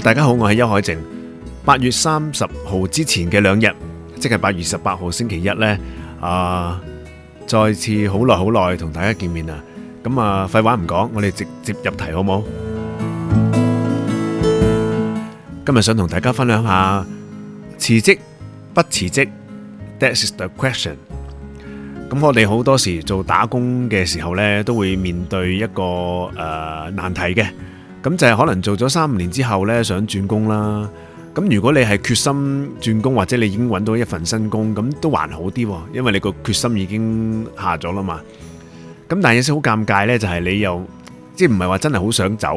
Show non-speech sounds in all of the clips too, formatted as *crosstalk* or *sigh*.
大家好，我係邱海靖。八月三十號之前嘅兩日，即係八月十八號星期一呢，啊，再次好耐好耐同大家見面啦。咁啊，廢話唔講，我哋直接入題好唔好？今日想同大家分享下辭職不辭職，That's the question。咁我哋好多時做打工嘅時候呢，都會面對一個誒難題嘅。咁就係可能做咗三五年之後咧，想轉工啦。咁如果你係決心轉工，或者你已經揾到一份新工，咁都還好啲，因為你個決心已經下咗啦嘛。咁但係有陣時好尷尬咧，就係你又即係唔係話真係好想走，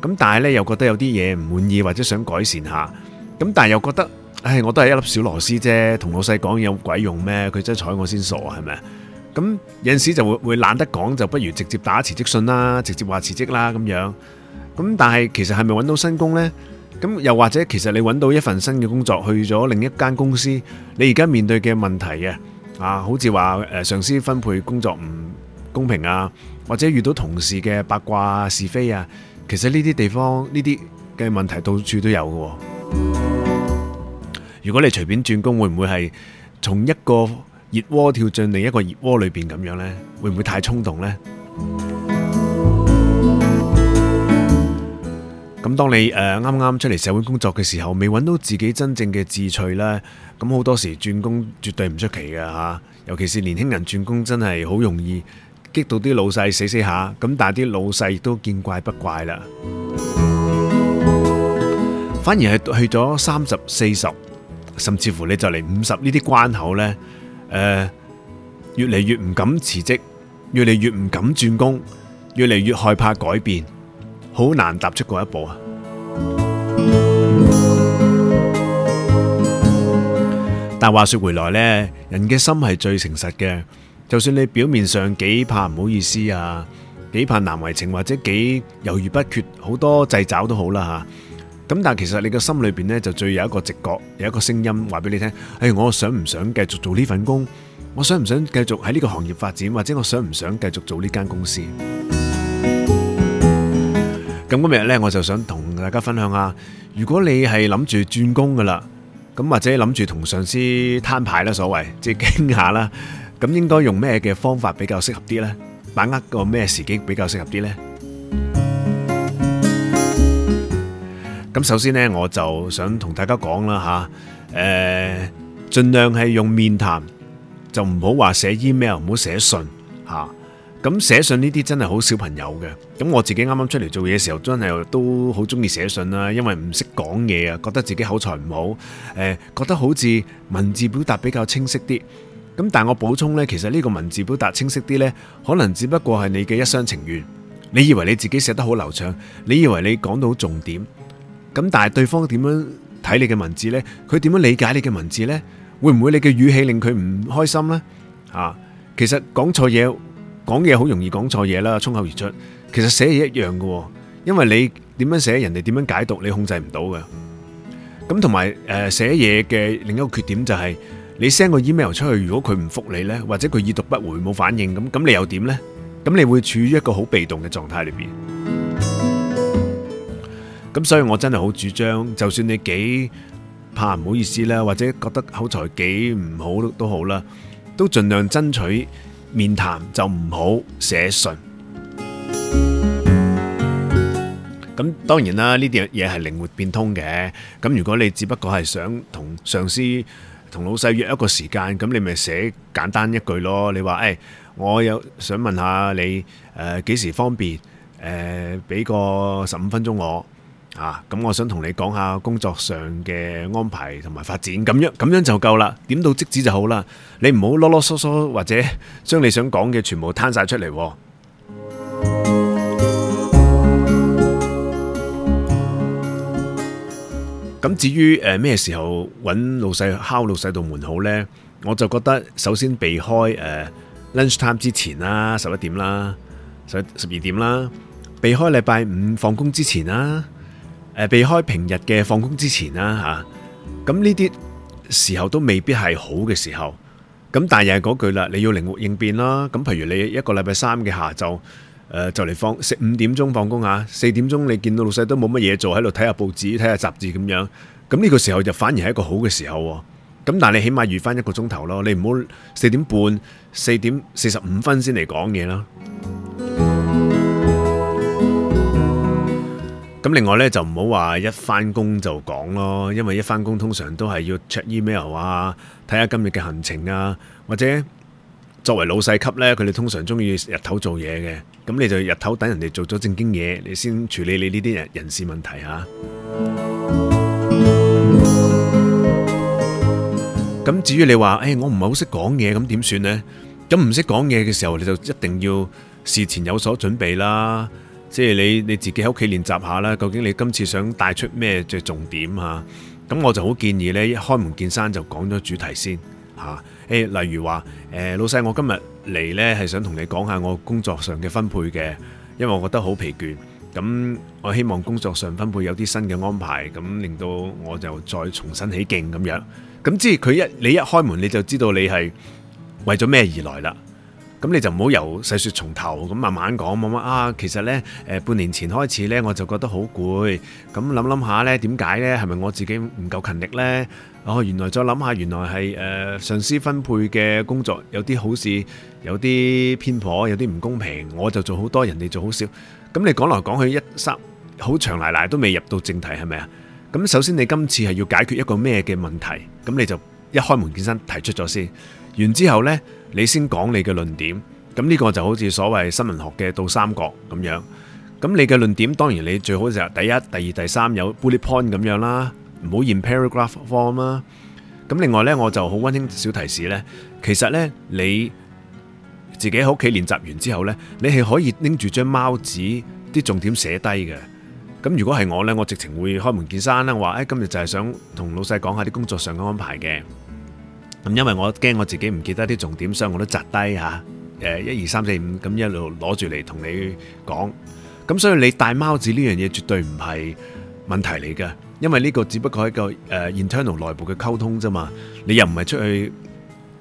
咁但係咧又覺得有啲嘢唔滿意或者想改善下，咁但係又覺得，唉，我都係一粒小螺絲啫，同老細講嘢有鬼用咩？佢真係睬我先傻係咪？咁有陣時就會會懶得講，就不如直接打辭職信啦，直接話辭職啦咁樣。咁但係其實係咪揾到新工呢？咁又或者其實你揾到一份新嘅工作，去咗另一間公司，你而家面對嘅問題啊，啊好似話誒上司分配工作唔公平啊，或者遇到同事嘅八卦是非啊，其實呢啲地方呢啲嘅問題到處都有嘅。如果你隨便轉工，會唔會係從一個熱鍋跳進另一個熱鍋裏邊咁樣呢？會唔會太衝動呢？咁當你誒啱啱出嚟社會工作嘅時候，未揾到自己真正嘅志趣呢，咁好多時轉工絕對唔出奇㗎吓，尤其是年輕人轉工真係好容易，激到啲老細死死下，咁但係啲老細都見怪不怪啦，反而係去咗三十四十，甚至乎你就嚟五十呢啲關口呢，誒越嚟越唔敢辭職，越嚟越唔敢轉工，越嚟越害怕改變。好難踏出嗰一步啊！但係話說回來呢，人嘅心係最誠實嘅。就算你表面上幾怕唔好意思啊，幾怕難為情或者幾猶豫不決，好多掣肘都好啦吓，咁但其實你嘅心裏邊呢，就最有一個直覺，有一個聲音話俾你聽，誒，我想唔想繼續做呢份工？我想唔想繼續喺呢個行業發展？或者我想唔想繼續做呢間公司？咁今日咧，我就想同大家分享下，如果你係諗住轉工噶啦，咁或者諗住同上司攤牌啦，所謂即係傾下啦，咁應該用咩嘅方法比較適合啲呢？把握個咩時機比較適合啲呢？咁首先呢，我就想同大家講啦吓，誒，盡量係用面談，就唔好話寫 email，唔好寫信吓。咁寫信呢啲真係好小朋友嘅。咁我自己啱啱出嚟做嘢嘅時候，真係都好中意寫信啦。因為唔識講嘢啊，覺得自己口才唔好，誒，覺得好似文字表達比較清晰啲。咁但係我補充呢，其實呢個文字表達清晰啲呢，可能只不過係你嘅一廂情願。你以為你自己寫得好流暢，你以為你講到重點，咁但係對方點樣睇你嘅文字呢？佢點樣理解你嘅文字呢？會唔會你嘅語氣令佢唔開心呢？啊，其實講錯嘢。講嘢好容易講錯嘢啦，沖口而出。其實寫嘢一樣㗎，因為你點樣寫，人哋點樣解讀，你控制唔到㗎。咁同埋誒，寫嘢嘅另一個缺點就係，你 send 個 email 出去，如果佢唔覆你呢，或者佢已讀不回冇反應，咁咁你又點呢？咁你會處於一個好被動嘅狀態裏邊。咁所以我真係好主張，就算你幾怕唔好意思啦，或者覺得口才幾唔好都都好啦，都盡量爭取。面談就唔好寫信，咁當然啦，呢啲嘢係靈活變通嘅。咁如果你只不過係想同上司、同老細約一個時間，咁你咪寫簡單一句咯。你話誒、欸，我有想問下你誒呃、幾時方便？誒、呃，俾個十五分鐘我。啊，咁我想同你講下工作上嘅安排同埋發展，咁樣咁樣就夠啦。點到即止就好啦。你唔好囉囉嗦嗦或者將你想講嘅全部攤晒出嚟。咁至於誒咩時候揾老細敲老細度門好呢？我就覺得首先避開誒 lunch time 之前啦、啊，十一點啦，十一十二點啦，避開禮拜五放工之前啦、啊。誒，避開平日嘅放工之前啦吓，咁呢啲時候都未必係好嘅時候，咁但係又係嗰句啦，你要靈活應變啦。咁譬如你一個禮拜三嘅下晝，誒就嚟放四五點鐘放工啊，四點鐘你見到老細都冇乜嘢做，喺度睇下報紙、睇下雜誌咁樣，咁呢個時候就反而係一個好嘅時候。咁但係你起碼預翻一個鐘頭咯，你唔好四點半、四點四十五分先嚟講嘢啦。咁另外咧就唔好話一翻工就講咯，因為一翻工通常都係要 check email 啊，睇下今日嘅行程啊，或者作為老細級呢，佢哋通常中意日頭做嘢嘅，咁你就日頭等人哋做咗正經嘢，你先處理你呢啲人人事問題吓。咁至於你話誒我唔係好識講嘢，咁點算呢？咁唔識講嘢嘅時候，你就一定要事前有所準備啦。即係你你自己喺屋企練習下啦，究竟你今次想帶出咩即係重點嚇？咁我就好建議咧，一開門見山就講咗主題先嚇。誒、啊，例如話誒，老細我今日嚟呢係想同你講下我工作上嘅分配嘅，因為我覺得好疲倦。咁我希望工作上分配有啲新嘅安排，咁令到我就再重新起勁咁樣。咁即係佢一，你一開門你就知道你係為咗咩而來啦。咁你就唔好由細説從頭，咁慢慢講。咁啊，其實咧，誒半年前開始咧，我就覺得好攰。咁諗諗下咧，點解咧？係咪我自己唔夠勤力咧？哦，原來再諗下，原來係誒上司分配嘅工作有啲好事，有啲偏頗，有啲唔公平。我就做好多人哋做好少。咁你講來講去一三好長賴賴都未入到正題，係咪啊？咁首先你今次係要解決一個咩嘅問題？咁你就一開門見山提出咗先，完之後咧。你先講你嘅論點，咁呢個就好似所謂新聞學嘅倒三角咁樣。咁你嘅論點當然你最好就第一、第二、第三有 bullet point 咁樣啦，唔好用 paragraph form 啦。咁另外呢，我就好温馨小提示呢：其實呢，你自己喺屋企練習完之後呢，你係可以拎住張貓紙啲重點寫低嘅。咁如果係我呢，我直情會開門見山啦，話誒今日就係想同老細講下啲工作上嘅安排嘅。咁因為我驚我自己唔記得啲重點，所以我都摘低吓，誒一二三四五咁一路攞住嚟同你講。咁所以你帶貓紙呢樣嘢絕對唔係問題嚟嘅，因為呢個只不過係一個誒 internal 內部嘅溝通啫嘛。你又唔係出去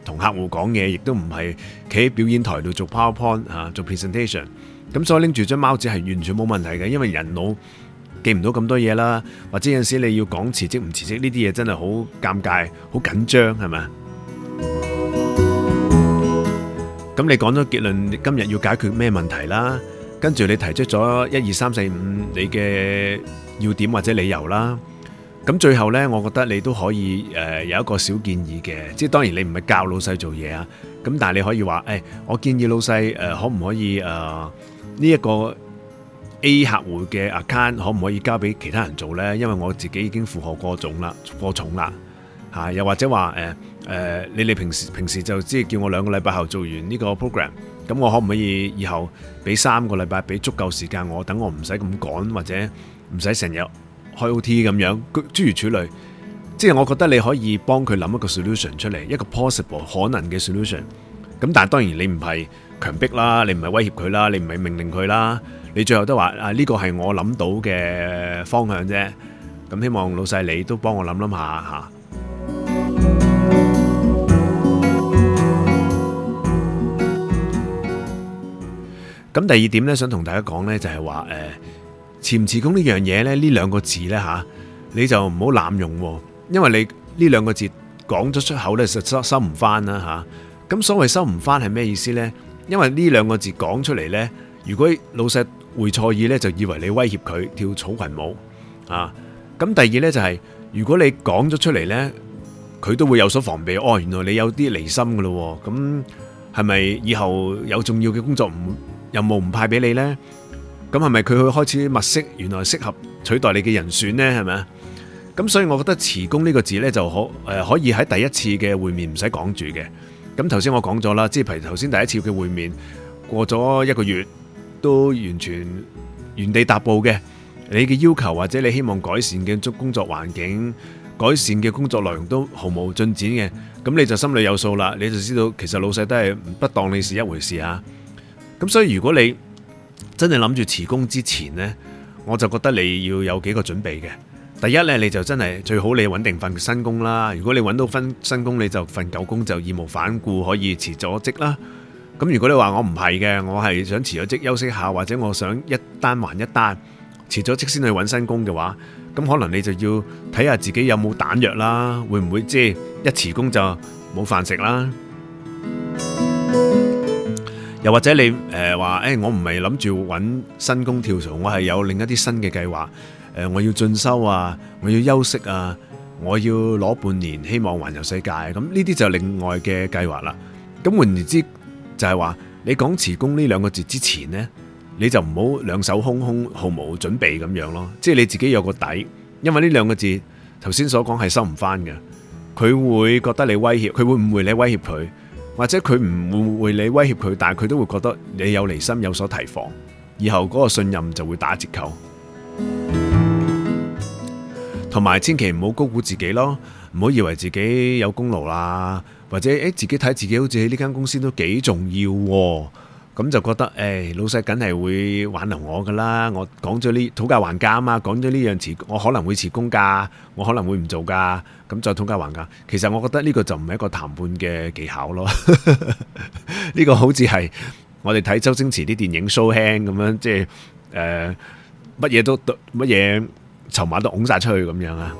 同客戶講嘢，亦都唔係企喺表演台度做 PowerPoint 吓做 presentation。咁所以拎住張貓紙係完全冇問題嘅，因為人腦記唔到咁多嘢啦。或者有陣時你要講辭職唔辭職呢啲嘢，真係好尷尬、好緊張，係咪啊？咁你講咗結論，今日要解決咩問題啦？跟住你提出咗一二三四五，你嘅要點或者理由啦。咁最後呢，我覺得你都可以誒、呃、有一個小建議嘅，即係當然你唔係教老細做嘢啊。咁但係你可以話誒、欸，我建議老細誒、呃，可唔可以誒，呢一個 A 客戶嘅 account 可唔可以交俾其他人做呢？因為我自己已經負荷過重啦，過重啦吓、啊。又或者話誒。呃誒、呃，你哋平時平時就即係叫我兩個禮拜後做完呢個 program，咁我可唔可以以後俾三個禮拜，俾足夠時間我，等我唔使咁趕，或者唔使成日開 OT 咁樣諸如此類。即係我覺得你可以幫佢諗一個 solution 出嚟，一個 possible 可能嘅 solution。咁但係當然你唔係強迫啦，你唔係威脅佢啦，你唔係命令佢啦，你最後都話啊呢個係我諗到嘅方向啫。咁希望老細你都幫我諗諗下吓。咁第二點咧，想同大家講咧，就係話誒，辭唔辭工呢樣嘢咧，呢兩個字咧吓，你就唔好濫用，因為你呢兩個字講咗出口咧，實收收唔翻啦吓。咁所謂收唔翻係咩意思咧？因為呢兩個字講出嚟咧，如果老細會錯意咧，就以為你威脅佢跳草裙舞啊。咁第二咧就係，如果你講咗出嚟咧，佢都會有所防備。哦，原來你有啲離心噶咯，咁係咪以後有重要嘅工作唔？任務唔派俾你呢？咁係咪佢會開始物色原來適合取代你嘅人選呢？係咪？咁所以我覺得辭工呢個字呢，就可誒可以喺第一次嘅會面唔使講住嘅。咁頭先我講咗啦，即係譬如頭先第一次嘅會面過咗一個月都完全原地踏步嘅，你嘅要求或者你希望改善嘅工作環境、改善嘅工作內容都毫無進展嘅，咁你就心裏有數啦，你就知道其實老細都係不當你是一回事啊。咁所以如果你真係諗住辭工之前呢，我就覺得你要有幾個準備嘅。第一呢，你就真係最好你搵定份新工啦。如果你搵到份新工，你就份舊工就義無反顧可以辭咗職啦。咁如果你話我唔係嘅，我係想辭咗職休息下，或者我想一單還一單，辭咗職先去搵新工嘅話，咁可能你就要睇下自己有冇彈藥啦，會唔會即係一辭工就冇飯食啦？又或者你誒話誒，我唔係諗住搵新工跳槽，我係有另一啲新嘅計劃誒，我要進修啊，我要休息啊，我要攞半年，希望環遊世界咁，呢啲就另外嘅計劃啦。咁換言之，就係話你講辭工呢兩個字之前呢，你就唔好兩手空空、毫無準備咁樣咯，即係你自己有個底，因為呢兩個字頭先所講係收唔翻嘅，佢會覺得你威脅，佢會誤會你威脅佢。或者佢唔會為你威脅佢，但係佢都會覺得你有離心，有所提防，以後嗰個信任就會打折扣。同埋 *music* 千祈唔好高估自己咯，唔好以為自己有功勞啦，或者誒自己睇自己好似喺呢間公司都幾重要。咁就覺得誒老細梗係會挽留我噶啦，我講咗呢討價還價啊嘛，講咗呢樣詞，我可能會辭工㗎，我可能會唔做㗎，咁再討價還價。其實我覺得呢個就唔係一個談判嘅技巧咯，呢個好似係我哋睇周星馳啲電影 show hand 咁樣，即係誒乜嘢都乜嘢籌碼都拱晒出去咁樣啊！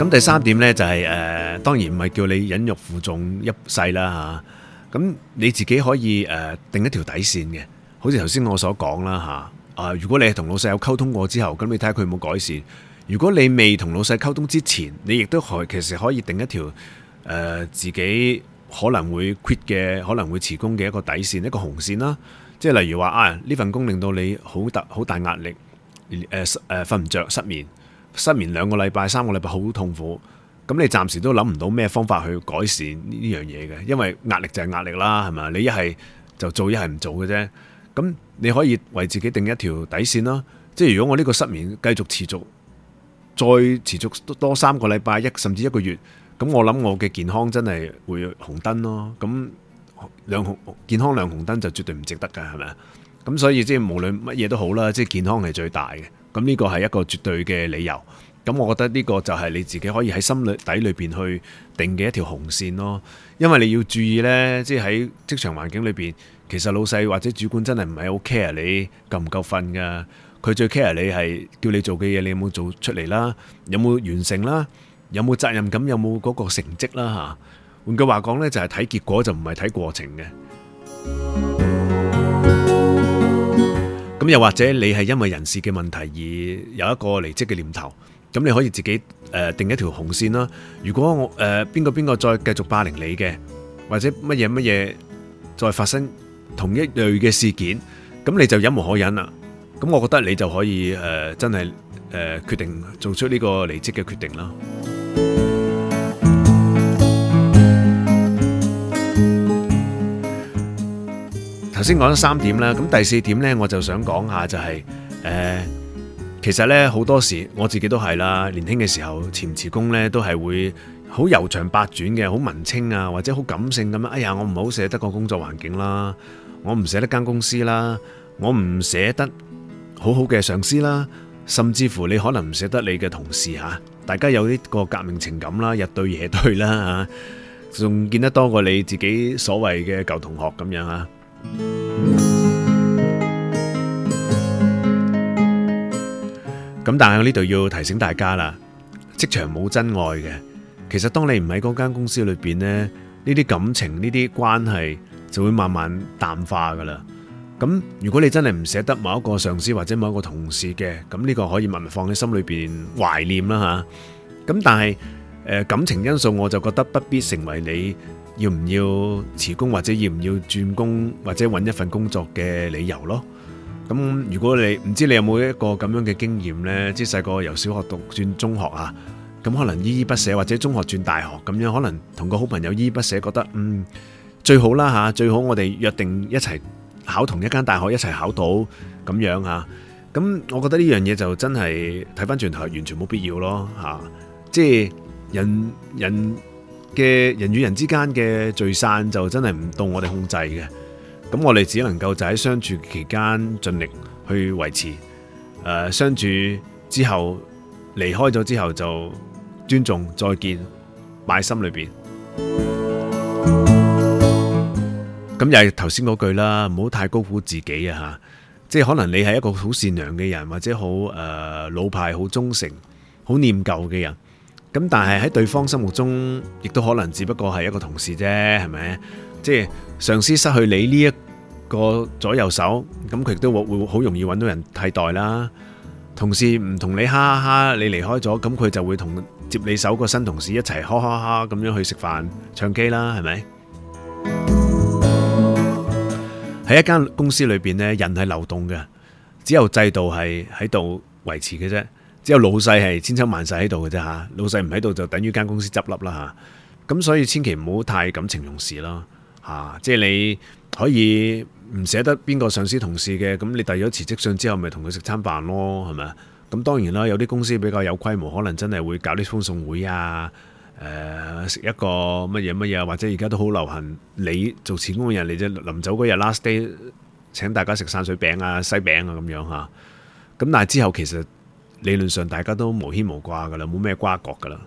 咁第三點呢，就係、是、誒、呃，當然唔係叫你忍辱負重一世啦嚇。咁、啊、你自己可以誒、呃、定一條底線嘅，好似頭先我所講啦嚇。啊，如果你係同老細有溝通過之後，咁你睇下佢有冇改善。如果你未同老細溝通之前，你亦都可以其實可以定一條誒、呃、自己可能會 quit 嘅，可能會辭工嘅一個底線，一個紅線啦、啊。即係例如話啊，呢份工令到你好大好大壓力，誒誒瞓唔着、失眠。失眠兩個禮拜，三個禮拜好痛苦，咁你暫時都諗唔到咩方法去改善呢樣嘢嘅，因為壓力就係壓力啦，係咪？你一係就做，一係唔做嘅啫。咁你可以為自己定一條底線囉。即係如果我呢個失眠繼續持續，再持續多三個禮拜一甚至一個月，咁我諗我嘅健康真係會紅燈咯。咁健康亮紅燈就絕對唔值得㗎，係咪？咁所以即係無論乜嘢都好啦，即係健康係最大嘅。咁呢個係一個絕對嘅理由，咁我覺得呢個就係你自己可以喺心裏底裏邊去定嘅一條紅線咯。因為你要注意呢，即係喺職場環境裏邊，其實老細或者主管真係唔係好 care 你夠唔夠瞓㗎，佢最 care 你係叫你做嘅嘢，你有冇做出嚟啦，有冇完成啦，有冇責任感，有冇嗰個成績啦吓。換句話講呢，就係睇結果就唔係睇過程嘅。咁又或者你係因為人事嘅問題而有一個離職嘅念頭，咁你可以自己誒定一條紅線啦。如果我誒邊個邊個再繼續霸凌你嘅，或者乜嘢乜嘢再發生同一類嘅事件，咁你就忍無可忍啦。咁我覺得你就可以誒真係誒決定做出呢個離職嘅決定啦。頭先講咗三點啦，咁第四點呢，我就想講下就係誒，其實呢好多時我自己都係啦，年輕嘅時候，潛辭工呢都係會好柔腸百轉嘅，好文青啊，或者好感性咁啊。哎呀，我唔係好捨得個工作環境啦，我唔捨得間公司啦，我唔捨得好好嘅上司啦，甚至乎你可能唔捨得你嘅同事嚇，大家有呢個革命情感啦，日對夜對啦嚇，仲見得多過你自己所謂嘅舊同學咁樣啊。咁但係我呢度要提醒大家啦，職場冇真愛嘅。其實當你唔喺嗰間公司裏邊呢，呢啲感情呢啲關係就會慢慢淡化噶啦。咁如果你真係唔捨得某一個上司或者某一個同事嘅，咁呢個可以慢慢放喺心裏邊懷念啦吓。咁但係誒感情因素，我就覺得不必成為你，要唔要辭工或者要唔要轉工或者揾一份工作嘅理由咯。咁如果你唔知你有冇一個咁樣嘅經驗呢？即係細個由小學讀轉中學啊，咁可能依依不捨，或者中學轉大學咁樣，可能同個好朋友依依不捨，覺得嗯，最好啦，吓，最好我哋約定一齊考同一間大學，一齊考到咁樣吓。咁我覺得呢樣嘢就真係睇翻轉頭完全冇必要咯吓，即係人人。人嘅人與人之間嘅聚散就真係唔到我哋控制嘅，咁我哋只能夠就喺相處期間盡力去維持。誒、呃，相處之後離開咗之後就尊重再見，擺心裏邊。咁又係頭先嗰句啦，唔好太高估自己啊吓！即係可能你係一個好善良嘅人，或者好誒、呃、老派、好忠誠、好念舊嘅人。咁但係喺對方心目中，亦都可能只不過係一個同事啫，係咪？即係上司失去你呢一個左右手，咁佢亦都會好容易揾到人替代啦。同事唔同你哈哈哈哈，你離開咗，咁佢就會同接你手個新同事一齊哈哈哈咁樣去食飯唱 K 啦，係咪？喺一間公司裏邊咧，人係流動嘅，只有制度係喺度維持嘅啫。只有老細係千秋萬世喺度嘅啫嚇，老細唔喺度就等於間公司執笠啦嚇。咁、啊、所以千祈唔好太感情用事咯嚇、啊。即係你可以唔捨得邊個上司同事嘅，咁你遞咗辭職信之後，咪同佢食餐飯咯，係咪？咁當然啦，有啲公司比較有規模，可能真係會搞啲歡送會啊，誒、呃、食一個乜嘢乜嘢，或者而家都好流行你做辭工嘅人你就臨走嗰日 last day 請大家食散水餅啊、西餅啊咁樣嚇。咁、啊、但係之後其實。理論上大家都無牽無掛㗎啦，冇咩瓜葛㗎啦。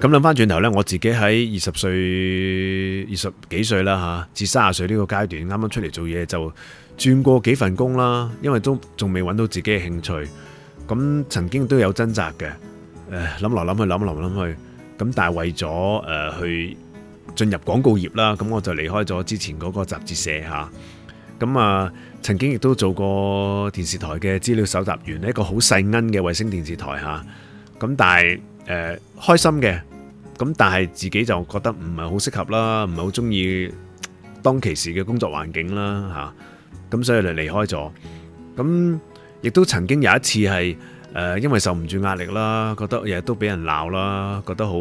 咁諗翻轉頭呢，我自己喺二十歲、二十幾歲啦嚇，至三十歲呢個階段，啱啱出嚟做嘢就轉過幾份工啦，因為都仲未揾到自己嘅興趣，咁曾經都有掙扎嘅。誒，諗來諗去，諗來諗去，咁但係為咗誒去。進入廣告業啦，咁我就離開咗之前嗰個雜誌社吓。咁啊，曾經亦都做過電視台嘅資料搜集員，呢一個好細奀嘅衛星電視台吓。咁但係誒開心嘅，咁但係自己就覺得唔係好適合啦，唔係好鍾意當其時嘅工作環境啦吓。咁所以就離開咗。咁亦都曾經有一次係誒，因為受唔住壓力啦，覺得日日都俾人鬧啦，覺得好。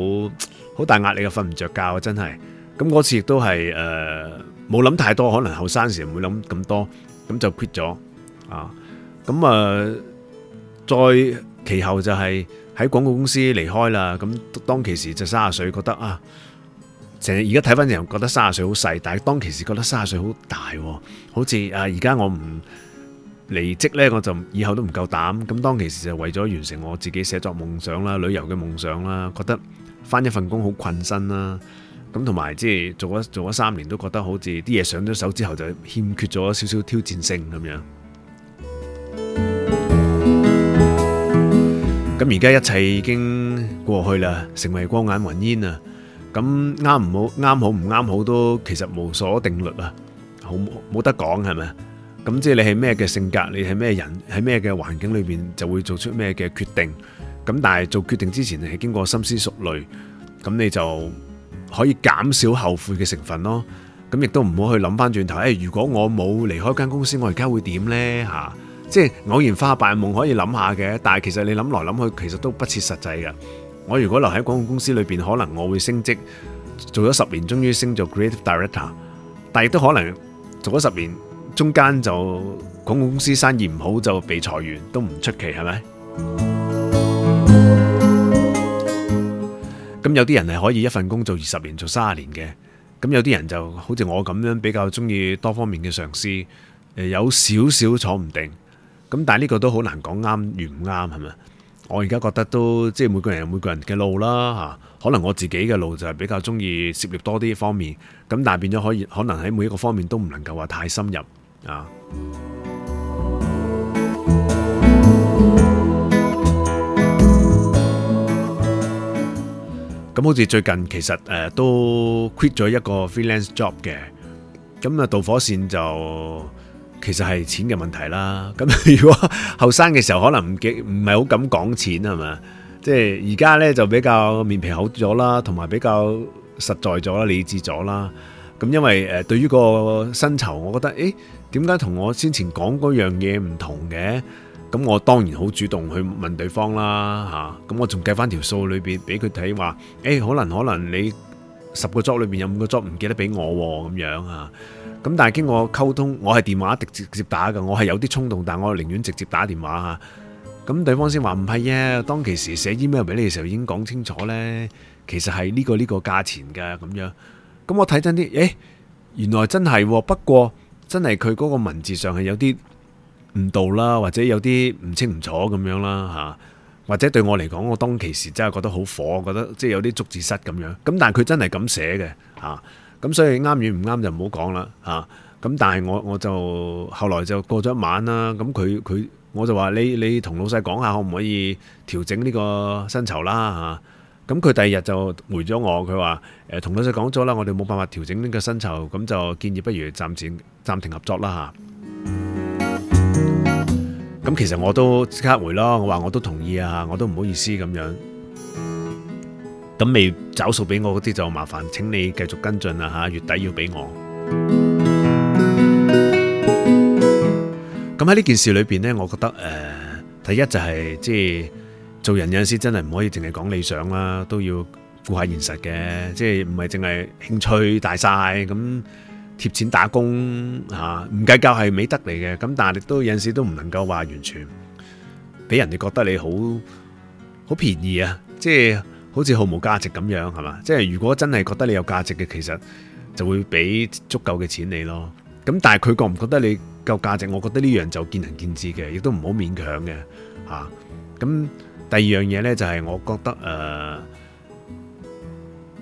好大壓力啊！瞓唔著覺啊！真係咁，嗰次亦都係誒冇諗太多，可能後生時唔會諗咁多，咁就 quit 咗啊。咁啊，再其後就係喺廣告公司離開啦。咁當其時就三十歲，覺得啊，成日而家睇翻人覺得三十歲好細，但係當其時覺得三十歲好大，好似啊而家我唔離職呢，我就以後都唔夠膽。咁當其時就為咗完成我自己寫作夢想啦、旅遊嘅夢想啦，覺得。返一份工好困身啦，咁同埋即係做咗做咗三年，都覺得好似啲嘢上咗手之後就欠缺咗少少挑戰性咁樣。咁而家一切已經過去啦，成為過眼雲煙啊！咁啱唔好啱好唔啱好都其實無所定律啊，好冇得講係咪？咁即係你係咩嘅性格，你係咩人喺咩嘅環境裏邊就會做出咩嘅決定。咁但係做決定之前係經過深思熟慮，咁你就可以減少後悔嘅成分咯。咁亦都唔好去諗翻轉頭，誒，如果我冇離開間公司，我而家會點呢？吓，即係偶然花白夢可以諗下嘅，但係其實你諗來諗去，其實都不切實際嘅。我如果留喺廣告公司裏邊，可能我會升職，做咗十年，終於升做 Creative Director，但亦都可能做咗十年，中間就廣告公司生意唔好，就被裁員，都唔出奇，係咪？咁有啲人係可以一份工做二十年、做三十年嘅，咁有啲人就好似我咁樣比較中意多方面嘅嘗試，誒有少少坐唔定，咁但係呢個都好難講啱與唔啱，係咪？我而家覺得都即係每個人有每個人嘅路啦，吓、啊，可能我自己嘅路就係比較中意涉獵多啲方面，咁但係變咗可以可能喺每一個方面都唔能夠話太深入啊。咁好似最近其實誒都 quit 咗一個 freelance job 嘅，咁啊導火線就其實係錢嘅問題啦。咁如果後生嘅時候可能唔幾唔係好敢講錢係嘛？即係而家呢就比較面皮厚咗啦，同埋比較實在咗啦、理智咗啦。咁因為誒對於個薪酬，我覺得誒點解同我先前講嗰樣嘢唔同嘅？咁我當然好主動去問對方啦嚇，咁我仲計翻條數裏邊俾佢睇話，誒可能可能你十個 job 裏邊有五個 job 唔記得俾我喎咁樣啊。咁但係經過溝通，我係電話直直接打嘅，我係有啲衝動，但我寧願直接打電話嚇。咁對方先話唔係呀，當其時寫 email 俾你嘅時候已經講清楚咧，其實係呢個呢個價錢嘅咁樣。咁我睇真啲，誒原來真係，不過真係佢嗰個文字上係有啲。唔到啦，或者有啲唔清唔楚咁樣啦嚇，或者對我嚟講，我當其時真係覺得好火，覺得即係有啲捉字蝨咁樣。咁但係佢真係咁寫嘅嚇，咁所以啱與唔啱就唔好講啦嚇。咁但係我我就後來就過咗一晚啦，咁佢佢我就話你你同老細講下可唔可以調整呢個薪酬啦嚇。咁佢第二日就回咗我，佢話誒同老細講咗啦，我哋冇辦法調整呢個薪酬，咁就建議不如暫時暫停合作啦嚇。咁其實我都即刻回咯，我話我都同意啊，我都唔好意思咁樣。咁未找數俾我嗰啲就麻煩，請你繼續跟進啦吓，月底要俾我。咁喺呢件事裏邊呢，我覺得誒、呃，第一就係、是、即係做人有陣時真係唔可以淨係講理想啦，都要顧下現實嘅，即係唔係淨係興趣大晒咁。貼錢打工嚇，唔、啊、計較係美德嚟嘅。咁但係你都有陣時都唔能夠話完全俾人哋覺得你好好便宜啊，即、就、係、是、好似毫無價值咁樣係嘛？即係、就是、如果真係覺得你有價值嘅，其實就會俾足夠嘅錢你咯。咁但係佢覺唔覺得你夠價值？我覺得呢樣就見仁見智嘅，亦都唔好勉強嘅嚇。咁、啊、第二樣嘢呢，就係、是、我覺得誒、呃，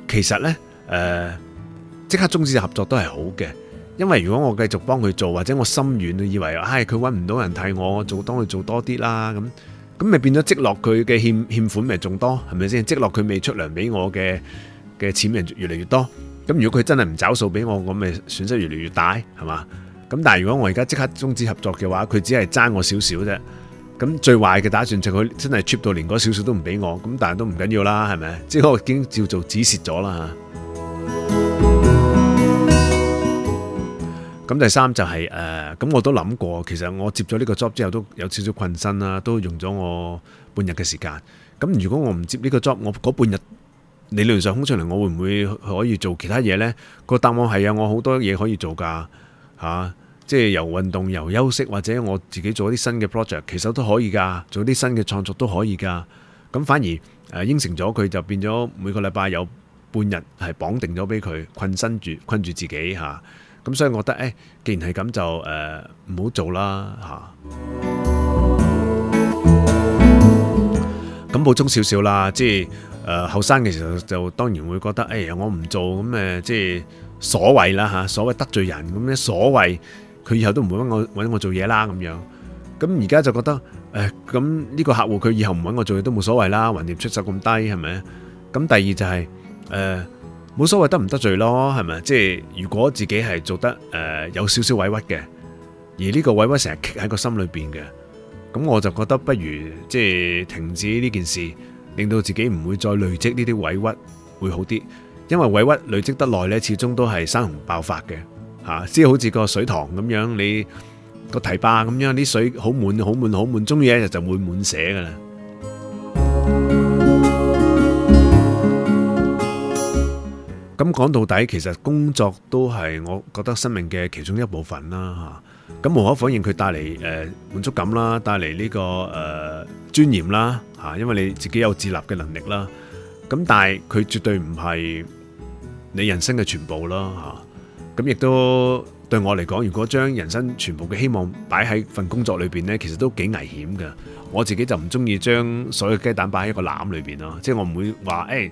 其實呢。誒、呃。即刻終止合作都係好嘅。因為如果我繼續幫佢做，或者我心軟，以為唉佢搵唔到人替我，我做，幫佢做多啲啦，咁咁咪變咗積落佢嘅欠欠款咪仲多，係咪先？積落佢未出糧俾我嘅嘅錢，咪越嚟越多。咁如果佢真係唔找數俾我，咁咪損失越嚟越大，係嘛？咁但係如果我而家即刻終止合作嘅話，佢只係爭我少少啫。咁最壞嘅打算就佢真係 cheap 到連嗰少少都唔俾我，咁但係都唔緊要啦，係咪？即係我已經照做止蝕咗啦。咁第三就係、是、誒，咁、呃、我都諗過，其實我接咗呢個 job 之後都有少少困身啦，都用咗我半日嘅時間。咁如果我唔接呢個 job，我嗰半日理論上空出嚟，我會唔會可以做其他嘢呢？個答案係有我好多嘢可以做㗎嚇、啊，即係由運動、由休息或者我自己做啲新嘅 project，其實都可以㗎，做啲新嘅創作都可以㗎。咁反而誒應承咗佢就變咗每個禮拜有半日係綁定咗俾佢困身住困住自己嚇。啊。咁所以我覺得，誒，既然係咁就誒唔好做啦，吓。咁補充少少啦，即係誒後生嘅時候就當然會覺得，哎呀，我唔做咁誒，即係所謂啦吓，所謂得罪人咁咧，所謂佢以後都唔會揾我揾我做嘢啦，咁樣。咁而家就覺得，誒，咁呢個客戶佢以後唔揾我做嘢都冇所謂啦，橫掂出手咁低，係咪啊？咁第二就係誒。冇所謂得唔得罪咯，係咪？即係如果自己係做得誒有少少委屈嘅，而呢個委屈成日喺個心裏邊嘅，咁我就覺得不如即係停止呢件事，令到自己唔會再累積呢啲委屈會好啲，因為委屈累積得耐呢，始終都係山洪爆發嘅吓，即係好似個水塘咁樣，你個堤壩咁樣啲水好滿好滿好滿，終於一日就會滿瀉噶啦。咁講到底，其實工作都係我覺得生命嘅其中一部分啦，吓。咁無可否認，佢帶嚟誒滿足感啦，帶嚟呢個誒尊嚴啦，吓，因為你自己有自立嘅能力啦。咁但係佢絕對唔係你人生嘅全部啦，吓。咁亦都對我嚟講，如果將人生全部嘅希望擺喺份工作裏邊呢，其實都幾危險嘅。我自己就唔中意將所有雞蛋擺喺一個籃裏邊咯，即係我唔會話誒。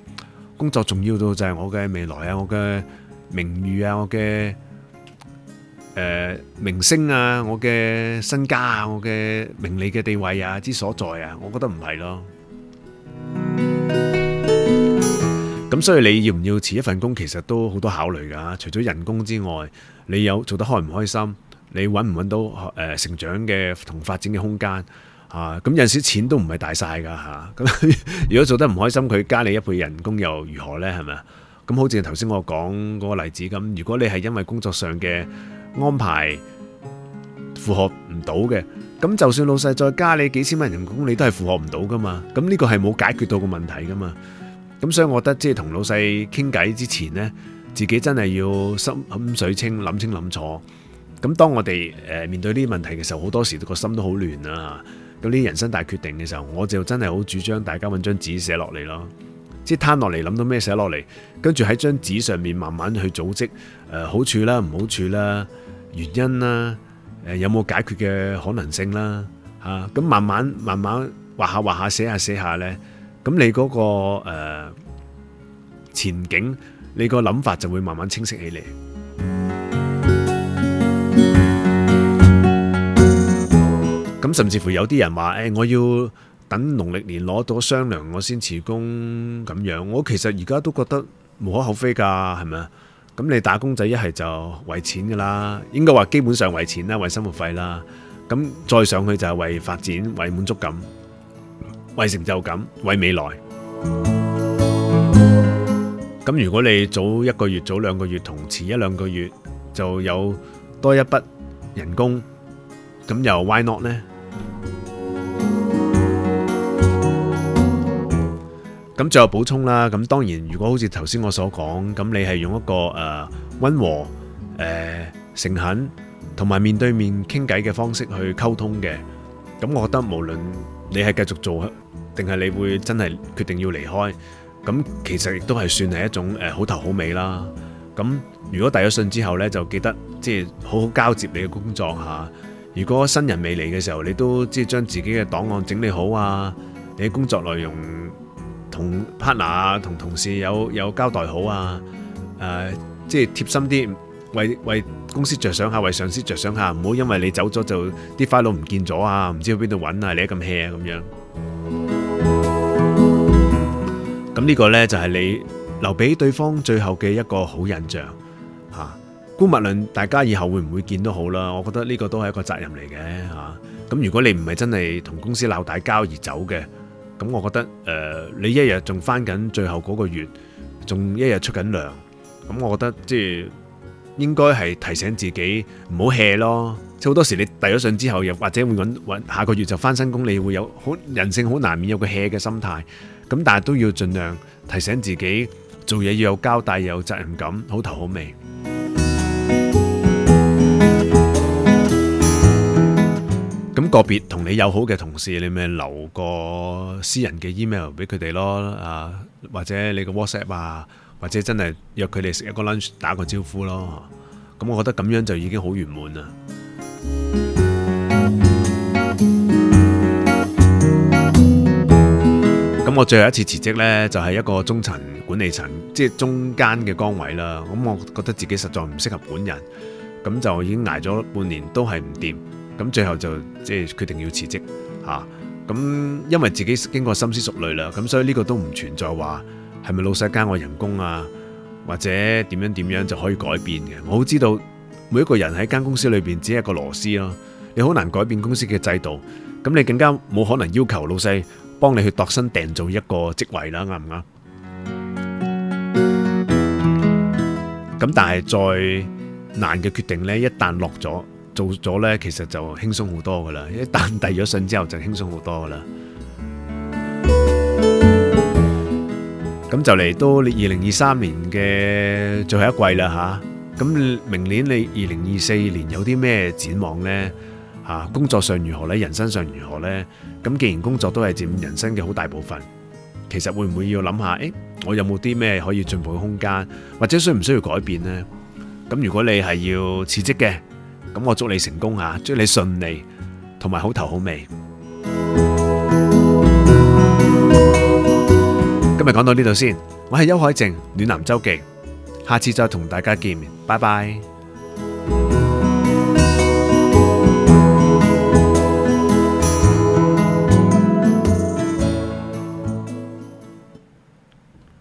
工作重要到就係我嘅未來啊，我嘅名譽啊，我嘅誒名聲啊，我嘅身家啊，我嘅名利嘅地位啊之所在啊，我覺得唔係咯。咁所以你要唔要辭一份工，其實都好多考慮㗎。除咗人工之外，你有做得開唔開心？你揾唔揾到誒成長嘅同發展嘅空間？啊，咁有陣時錢都唔係大晒噶吓，咁、啊啊、如果做得唔開心，佢加你一倍人工又如何呢？係咪？咁好似頭先我講嗰個例子咁，如果你係因為工作上嘅安排負荷唔到嘅，咁就算老細再加你幾千蚊人工，你都係負荷唔到噶嘛？咁呢個係冇解決到個問題噶嘛？咁所以我覺得即係同老細傾偈之前呢，自己真係要心水清，諗清諗楚。咁當我哋誒、呃、面對呢啲問題嘅時候，好多時個心都好亂啊！到啲人生大決定嘅時候，我就真係好主張大家揾張紙寫落嚟咯，即係攤落嚟諗到咩寫落嚟，跟住喺張紙上面慢慢去組織，誒、呃、好處啦，唔好處啦，原因啦，誒、呃、有冇解決嘅可能性啦，嚇、啊，咁慢慢慢慢畫下畫下，寫下寫下呢。咁你嗰、那個、呃、前景，你個諗法就會慢慢清晰起嚟。咁甚至乎有啲人話，誒，我要等農曆年攞到雙糧，我先辭工咁樣。我其實而家都覺得無可厚非噶，係咪啊？咁你打工仔一係就為錢噶啦，應該話基本上為錢啦，為生活費啦。咁再上去就係為發展、為滿足感、為成就感、為未來。咁如果你早一個月、早兩個月同遲一兩個月，就有多一筆人工，咁又 why not 咧？咁最後補充啦，咁當然如果好似頭先我所講，咁你係用一個誒溫和、誒誠懇同埋面對面傾偈嘅方式去溝通嘅，咁我覺得無論你係繼續做，定係你會真係決定要離開，咁其實亦都係算係一種誒好頭好尾啦。咁如果遞咗信之後呢，就記得即係好好交接你嘅工作嚇。如果新人未嚟嘅時候，你都即係將自己嘅檔案整理好啊，你嘅工作內容。同 partner 啊，同同事有有交代好啊，誒，即係貼心啲，為為公司著想下，為上司著想下。唔好因為你走咗就啲 file 唔見咗啊，唔知去邊度揾啊，你咁 hea 咁樣。咁呢個呢就係你留俾對方最後嘅一個好印象嚇。姑勿論，大家以後會唔會見都好啦，我覺得呢個都係一個責任嚟嘅嚇。咁如果你唔係真係同公司鬧大交而走嘅，咁我覺得誒、呃，你一日仲返緊最後嗰個月，仲一日出緊糧，咁我覺得即係應該係提醒自己唔好 hea 咯。即好多時你遞咗信之後，又或者會揾下個月就返新工，你會有好人性好難免有個 hea 嘅心態。咁但係都要盡量提醒自己做嘢要有交代，有責任感，好頭好尾。咁個別同你友好嘅同事，你咪留個私人嘅 email 俾佢哋咯，啊，或者你個 WhatsApp 啊，或者真係約佢哋食一個 lunch，打個招呼咯。咁我覺得咁樣就已經好圓滿啦。咁、嗯、我最後一次辭職呢，就係、是、一個中層管理層，即係中間嘅崗位啦。咁我覺得自己實在唔適合本人，咁就已經捱咗半年都係唔掂。咁最後就即係決定要辭職嚇，咁因為自己經過深思熟慮啦，咁所以呢個都唔存在話係咪老細加我人工啊，或者點樣點樣就可以改變嘅。我好知道每一個人喺間公司裏邊只係一個螺絲咯，你好難改變公司嘅制度，咁你更加冇可能要求老細幫你去度身訂造一個職位啦，啱唔啱？咁但係再難嘅決定呢，一旦落咗。做咗呢，其實就輕鬆好多噶啦，一旦遞咗信之後就輕鬆好多噶啦。咁就嚟到你二零二三年嘅最後一季啦吓。咁明年你二零二四年有啲咩展望呢？吓，工作上如何呢？人生上如何呢？咁既然工作都係佔人生嘅好大部分，其實會唔會要諗下？誒，我有冇啲咩可以進步嘅空間，或者需唔需要改變呢？咁如果你係要辭職嘅。咁我祝你成功啊！祝你順利，同埋好頭好尾。今日講到呢度先，我係邱海靖，暖男周記，下次再同大家見面，拜拜。